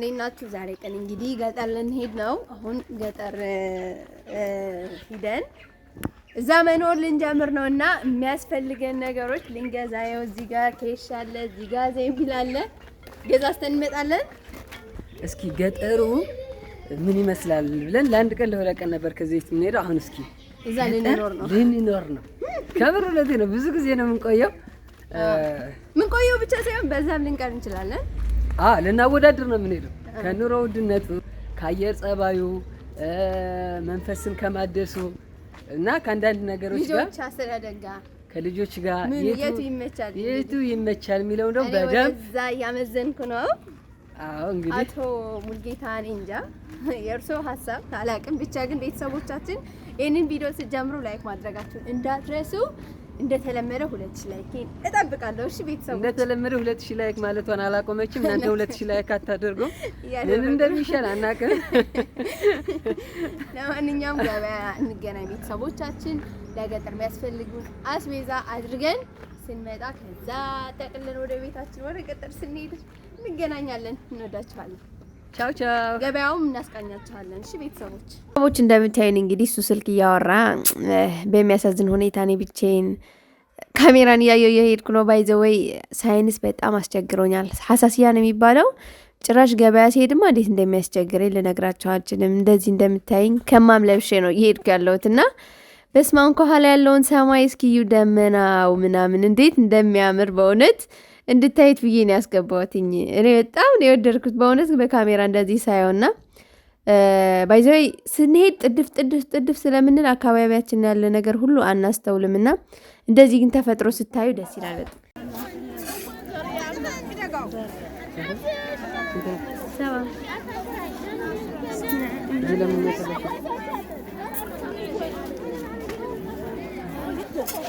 እንዴት ናችሁ? ዛሬ ቀን እንግዲህ ገጠር ልንሄድ ነው። አሁን ገጠር ሂደን እዛ መኖር ልንጀምር ነው እና የሚያስፈልገን ነገሮች ልንገዛ ይኸው፣ እዚህ ጋር ኬሽ አለ፣ እዚህ ጋር ዘይቢል አለ። ገዛዝተን እንመጣለን። እስኪ ገጠሩ ምን ይመስላል ብለን ለአንድ ቀን ለሁለት ቀን ነበር ከዚህ በፊት የምንሄደው። አሁን እስኪ እዛ ልንኖር ነው ልንኖር ነው። ከምር ነው። ብዙ ጊዜ ነው የምንቆየው። ምንቆየው ብቻ ሳይሆን በዛም ልንቀር እንችላለን። ልናወዳድር ነው የምንሄደው። ከኑሮ ውድነቱ፣ ከአየር ጸባዩ፣ መንፈስን ከማደሱ እና ከአንዳንድ ነገሮች ጋር ከልጆች ጋር የቱ ይመቻል የሚለው ደግሞ በደምብ እዛ እያመዘንኩ ነው። አዎ እንግዲህ አቶ ሙልጌታ እኔ እንጃ የእርስዎ ሀሳብ አላውቅም። ብቻ ግን ቤተሰቦቻችን ይህንን ቪዲዮ ስትጀምሩ ላይክ ማድረጋችሁን እንዳትረሱ። እንደተለመደ ሁለት ሺህ ላይክ እጠብቃለሁ። እሺ ቤተሰብ እንደተለመደ ሁለት ሺ ላይክ ማለቷን አላቆመችም። እናንተ ሁለት ሺህ ላይክ አታደርጉም፣ ምን እንደሚሸን አናውቅም። ለማንኛውም ገበያ እንገናኝ ቤተሰቦቻችን። ለገጠር የሚያስፈልጉን አስቤዛ አድርገን ስንመጣ ከዛ ጠቅለን ወደ ቤታችን ወደ ገጠር ስንሄድ እንገናኛለን። እንወዳችኋለን። ቻው ቻው። ገበያውም እናስቃኛችኋለን። እሺ ቤተሰቦች ሰቦች እንደምታዩን እንግዲህ እሱ ስልክ እያወራ በሚያሳዝን ሁኔታ እኔ ብቻዬን ካሜራን እያየው እየሄድኩ ነው። ባይዘወይ ሳይንስ በጣም አስቸግሮኛል። ሀሳስያ ነው የሚባለው ጭራሽ ገበያ ሲሄድማ እንዴት እንደሚያስቸግረኝ ልነግራቸው አልችልም። እንደዚህ እንደምታይኝ ከማም ለብሼ ነው እየሄድኩ ያለሁት እና በስማን ከኋላ ያለውን ሰማይ እስኪዩ ደመናው ምናምን እንዴት እንደሚያምር በእውነት እንድታየት ብዬ ነው ያስገባሁትኝ። እኔ በጣም ነው የወደድኩት በእውነት በካሜራ እንደዚህ ሳየውና ባይዘወይ ስንሄድ ጥድፍ ጥድፍ ጥድፍ ስለምንል አካባቢያችን ያለ ነገር ሁሉ አናስተውልም እና እንደዚህ ግን ተፈጥሮ ስታዩ ደስ ይላል በጣም። Sampai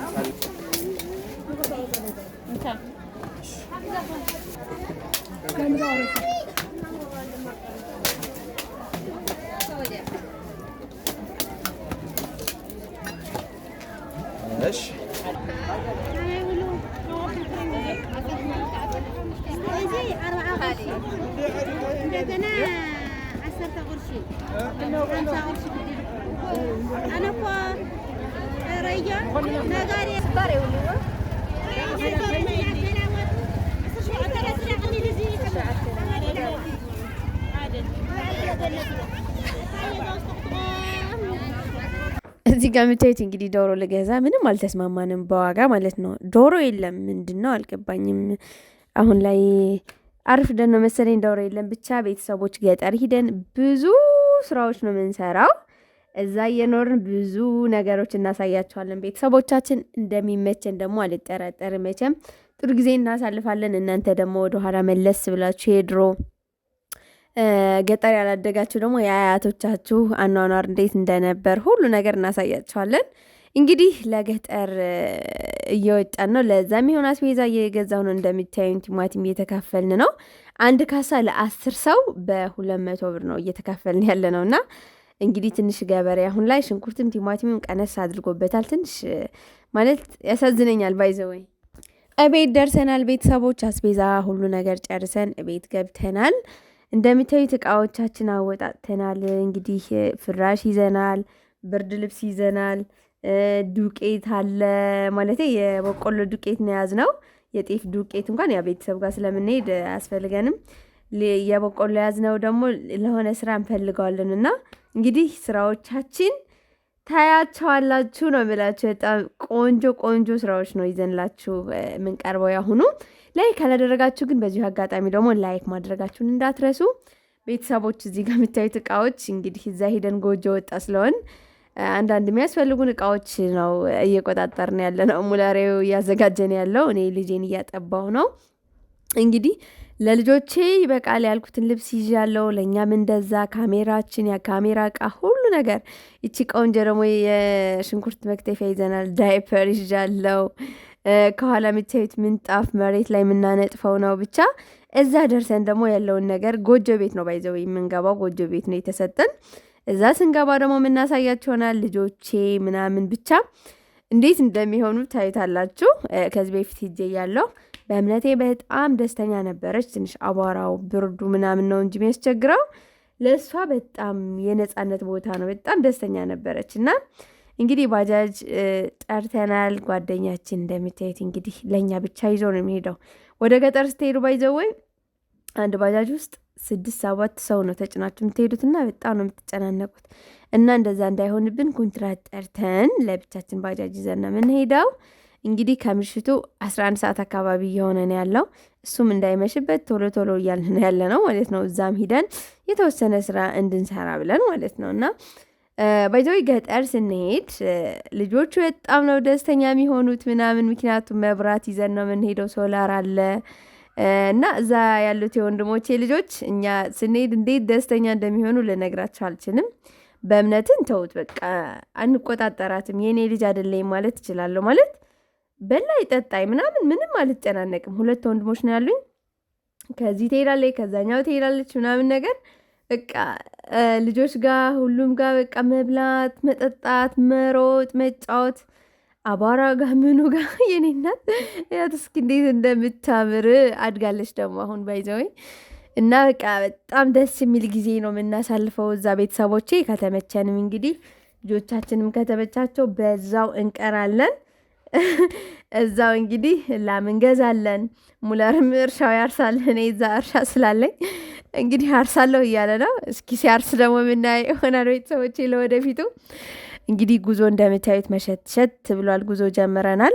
감사합니다. እዚህ ጋር የምታዩት እንግዲህ ዶሮ ልገዛ ምንም አልተስማማንም በዋጋ ማለት ነው። ዶሮ የለም ምንድን ነው አልገባኝም። አሁን ላይ አርፍደን ነው መሰለኝ ዶሮ የለም። ብቻ ቤተሰቦች ገጠር ሂደን ብዙ ስራዎች ነው የምንሰራው እዛ እየኖርን ብዙ ነገሮች እናሳያቸዋለን ቤተሰቦቻችን እንደሚመቸን ደግሞ አልጠራጠርም። መቼም ጥሩ ጊዜ እናሳልፋለን። እናንተ ደግሞ ወደኋላ መለስ ብላችሁ የድሮ ገጠር ያላደጋችሁ ደግሞ የአያቶቻችሁ አኗኗር እንዴት እንደነበር ሁሉ ነገር እናሳያቸዋለን። እንግዲህ ለገጠር እየወጣን ነው። ለዛ የሚሆን አስቤዛ እየገዛሁ ነው። እንደሚታዩን ቲማቲም እየተካፈልን ነው። አንድ ካሳ ለአስር ሰው በሁለት መቶ ብር ነው እየተካፈልን ያለ ነው እና እንግዲህ ትንሽ ገበሬ አሁን ላይ ሽንኩርትም ቲማቲምም ቀነስ አድርጎበታል። ትንሽ ማለት ያሳዝነኛል። ባይዘወይ እቤት ደርሰናል ቤተሰቦች፣ አስቤዛ ሁሉ ነገር ጨርሰን እቤት ገብተናል። እንደምታዩት እቃዎቻችን አወጣጥተናል። እንግዲህ ፍራሽ ይዘናል፣ ብርድ ልብስ ይዘናል፣ ዱቄት አለ ማለት የበቆሎ ዱቄት ነው የያዝነው። የጤፍ ዱቄት እንኳን ያ ቤተሰብ ጋር ስለምንሄድ አያስፈልገንም። የበቆሎ የያዝነው ደግሞ ለሆነ ስራ እንፈልገዋለን እና እንግዲህ ስራዎቻችን ታያቸዋላችሁ ነው የምላችሁ። በጣም ቆንጆ ቆንጆ ስራዎች ነው ይዘንላችሁ የምንቀርበው ያሁኑ። ላይክ ካላደረጋችሁ ግን በዚሁ አጋጣሚ ደግሞ ላይክ ማድረጋችሁን እንዳትረሱ ቤተሰቦች። እዚህ ጋር የምታዩት እቃዎች እንግዲህ እዛ ሄደን ጎጆ ወጣ ስለሆን አንዳንድ የሚያስፈልጉን እቃዎች ነው እየቆጣጠርን ያለ ነው። ሙላሬው እያዘጋጀን ያለው እኔ ልጄን እያጠባው ነው። እንግዲህ ለልጆቼ ይበቃል ያልኩትን ልብስ ይዣለሁ። ለእኛም እንደዛ ካሜራችን፣ ካሜራ እቃ፣ ሁሉ ነገር ይቺ ቀውንጀ ደግሞ የሽንኩርት መክተፊያ ይዘናል። ዳይፐር ይዣለሁ። ከኋላ የምታዩት ምንጣፍ መሬት ላይ የምናነጥፈው ነው። ብቻ እዛ ደርሰን ደግሞ ያለውን ነገር ጎጆ ቤት ነው ባይዘው የምንገባው ጎጆ ቤት ነው የተሰጠን። እዛ ስንገባ ደግሞ የምናሳያቸው ይሆናል። ልጆቼ ምናምን ብቻ እንዴት እንደሚሆኑ ታዩታላችሁ። ከዚህ በፊት ሂጄ ያለው በእምነቴ በጣም ደስተኛ ነበረች። ትንሽ አቧራው ብርዱ ምናምን ነው እንጂ የሚያስቸግረው ለእሷ በጣም የነፃነት ቦታ ነው። በጣም ደስተኛ ነበረች እና እንግዲህ ባጃጅ ጠርተናል። ጓደኛችን እንደምታዩት እንግዲህ ለእኛ ብቻ ይዞ ነው የሚሄደው። ወደ ገጠር ስትሄዱ ባይዘወይ አንድ ባጃጅ ውስጥ ስድስት ሰባት ሰው ነው ተጭናችሁ የምትሄዱት እና በጣም ነው የምትጨናነቁት። እና እንደዛ እንዳይሆንብን ኮንትራት ጠርተን ለብቻችን ባጃጅ ይዘን ነው የምንሄደው። እንግዲህ ከምሽቱ 11 ሰዓት አካባቢ እየሆነ ነው ያለው። እሱም እንዳይመሽበት ቶሎ ቶሎ እያልን ያለ ነው ማለት ነው። እዛም ሂደን የተወሰነ ስራ እንድንሰራ ብለን ማለት ነው እና ባይዘዊ ገጠር ስንሄድ ልጆቹ በጣም ነው ደስተኛ የሚሆኑት ምናምን። ምክንያቱም መብራት ይዘን ነው የምንሄደው፣ ሶላር አለ እና እዛ ያሉት የወንድሞቼ ልጆች እኛ ስንሄድ እንዴት ደስተኛ እንደሚሆኑ ልነግራቸው አልችልም። በእምነትን ተውት፣ በቃ አንቆጣጠራትም። የእኔ ልጅ አይደለኝ ማለት እችላለሁ ማለት በላይ ጠጣይ ምናምን ምንም አልጨናነቅም። ሁለት ወንድሞች ነው ያሉኝ። ከዚህ ትሄዳለች፣ ከዛኛው ትሄዳለች ምናምን ነገር በቃ ልጆች ጋር ሁሉም ጋር በቃ መብላት፣ መጠጣት፣ መሮጥ፣ መጫወት አቧራ ጋር ምኑ ጋር የኔ እናት ያት እስኪ እንዴት እንደምታምር አድጋለች ደግሞ አሁን ባይዘወይ እና በቃ በጣም ደስ የሚል ጊዜ ነው የምናሳልፈው እዛ ቤተሰቦቼ ከተመቸንም እንግዲህ ልጆቻችንም ከተመቻቸው በዛው እንቀራለን። እዛው እንግዲህ ላም እንገዛለን። ሙለርም እርሻው ያርሳል። እኔ እዛ እርሻ ስላለኝ እንግዲህ አርሳለሁ እያለ ነው። እስኪ ሲያርስ ደግሞ የምናየ ይሆናል። ቤተሰቦቼ ለወደፊቱ እንግዲህ ጉዞ እንደምታዩት መሸት ሸት ብሏል። ጉዞ ጀምረናል።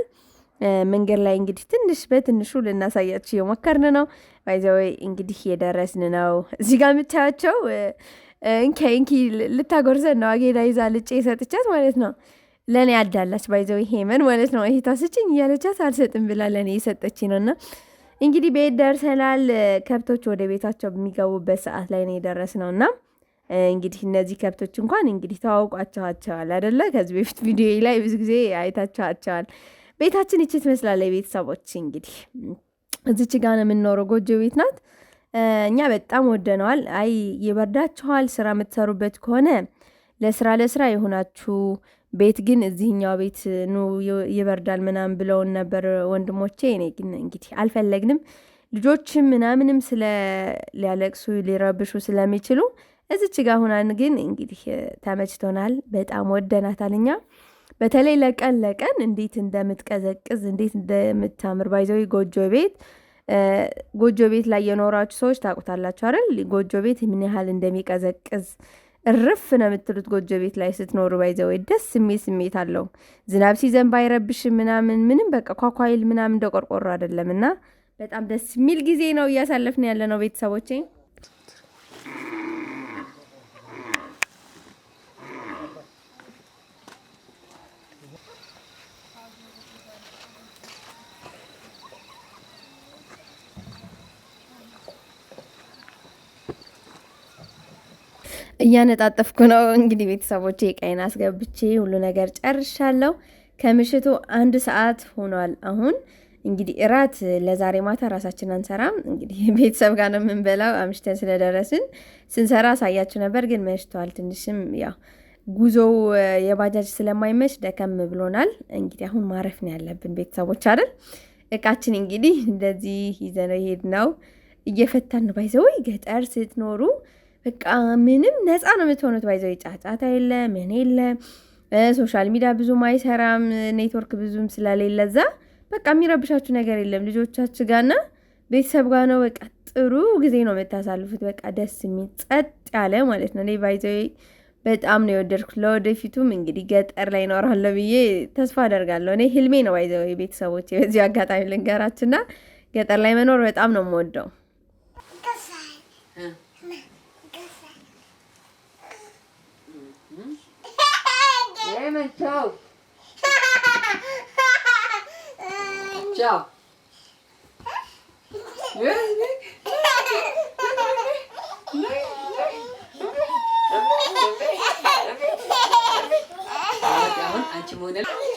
መንገድ ላይ እንግዲህ ትንሽ በትንሹ ልናሳያችሁ የሞከርን ነው። ባይዘወይ እንግዲህ የደረስን ነው። እዚህ ጋር የምታያቸው እንኪ እንኪ ልታጎርዘን ነው። አጌዳ ይዛ ልጬ ሰጥቻት ማለት ነው። ለእኔ አዳላች ባይዘው ሄመን ማለት ነው። ይሄ ታስጭኝ እያለቻት አልሰጥም ብላ ለእኔ የሰጠች ነው። እና እንግዲህ ቤት ደርሰናል። ከብቶች ወደ ቤታቸው በሚገቡበት ሰዓት ላይ ነው የደረስ ነው እና እንግዲህ እነዚህ ከብቶች እንኳን እንግዲህ ተዋውቋቸዋቸዋል አደለ? ከዚህ በፊት ቪዲዮ ላይ ብዙ ጊዜ አይታቸዋቸዋል። ቤታችን ይቺ ትመስላለች። ቤተሰቦች እንግዲህ እዚች ጋር ነው የምንኖረው፣ ጎጆ ቤት ናት። እኛ በጣም ወደነዋል። አይ ይበርዳችኋል፣ ስራ የምትሰሩበት ከሆነ ለስራ ለስራ የሆናችሁ ቤት ግን እዚህኛው ቤት ኑ ይበርዳል ምናምን ብለውን ነበር ወንድሞቼ። እኔ ግን እንግዲህ አልፈለግንም። ልጆችም ምናምንም ስለ ሊያለቅሱ ሊረብሹ ስለሚችሉ እዚች ጋር ሁናን ግን እንግዲህ ተመችቶናል። በጣም ወደናታል እኛ በተለይ ለቀን ለቀን እንዴት እንደምትቀዘቅዝ እንዴት እንደምታምር ባይዘዊ ጎጆ ቤት ጎጆ ቤት ላይ የኖራችሁ ሰዎች ታውቁታላችሁ አይደል? ጎጆ ቤት ምን ያህል እንደሚቀዘቅዝ እርፍ ነው የምትሉት ጎጆ ቤት ላይ ስትኖሩ። ባይዘው ደስ የሚል ስሜት አለው። ዝናብ ሲዘንብ ባይረብሽ ምናምን ምንም በቃ ኳኳይል ምናምን እንደ ቆርቆሮ አይደለም እና በጣም ደስ የሚል ጊዜ ነው እያሳለፍን ያለ ነው ቤተሰቦቼ። እያነጣጠፍኩ ነው እንግዲህ ቤተሰቦቼ፣ ቀይን አስገብቼ ሁሉ ነገር ጨርሻለሁ። ከምሽቱ አንድ ሰዓት ሆኗል። አሁን እንግዲህ እራት ለዛሬ ማታ ራሳችን አንሰራም። እንግዲህ ቤተሰብ ጋር ነው የምንበላው። አምሽተን ስለደረስን ስንሰራ አሳያችሁ ነበር፣ ግን መሽተዋል። ትንሽም ያው ጉዞው የባጃጅ ስለማይመች ደከም ብሎናል። እንግዲህ አሁን ማረፍ ነው ያለብን ቤተሰቦች አይደል። እቃችን እንግዲህ እንደዚህ ይዘነው ነው እየፈታን ባይዘው ገጠር ስትኖሩ በቃ ምንም ነፃ ነው የምትሆኑት። ባይዘው ጫጫታ የለ ምን የለ ሶሻል ሚዲያ ብዙም አይሰራም፣ ኔትወርክ ብዙም ስለሌለ እዛ በቃ የሚረብሻችሁ ነገር የለም። ልጆቻችሁ ጋና ቤተሰብ ጋር ነው በቃ ጥሩ ጊዜ ነው የምታሳልፉት። በቃ ደስ የሚል ጸጥ ያለ ማለት ነው። እኔ ባይዘው በጣም ነው የወደድኩት። ለወደፊቱም እንግዲህ ገጠር ላይ እኖራለሁ ብዬ ተስፋ አደርጋለሁ። እኔ ህልሜ ነው ባይዘው ቤተሰቦች፣ በዚ አጋጣሚ ልንገራችሁና ገጠር ላይ መኖር በጣም ነው የምወደው። Raymond, ciao. ciao. አሁን አንቺ መሆነ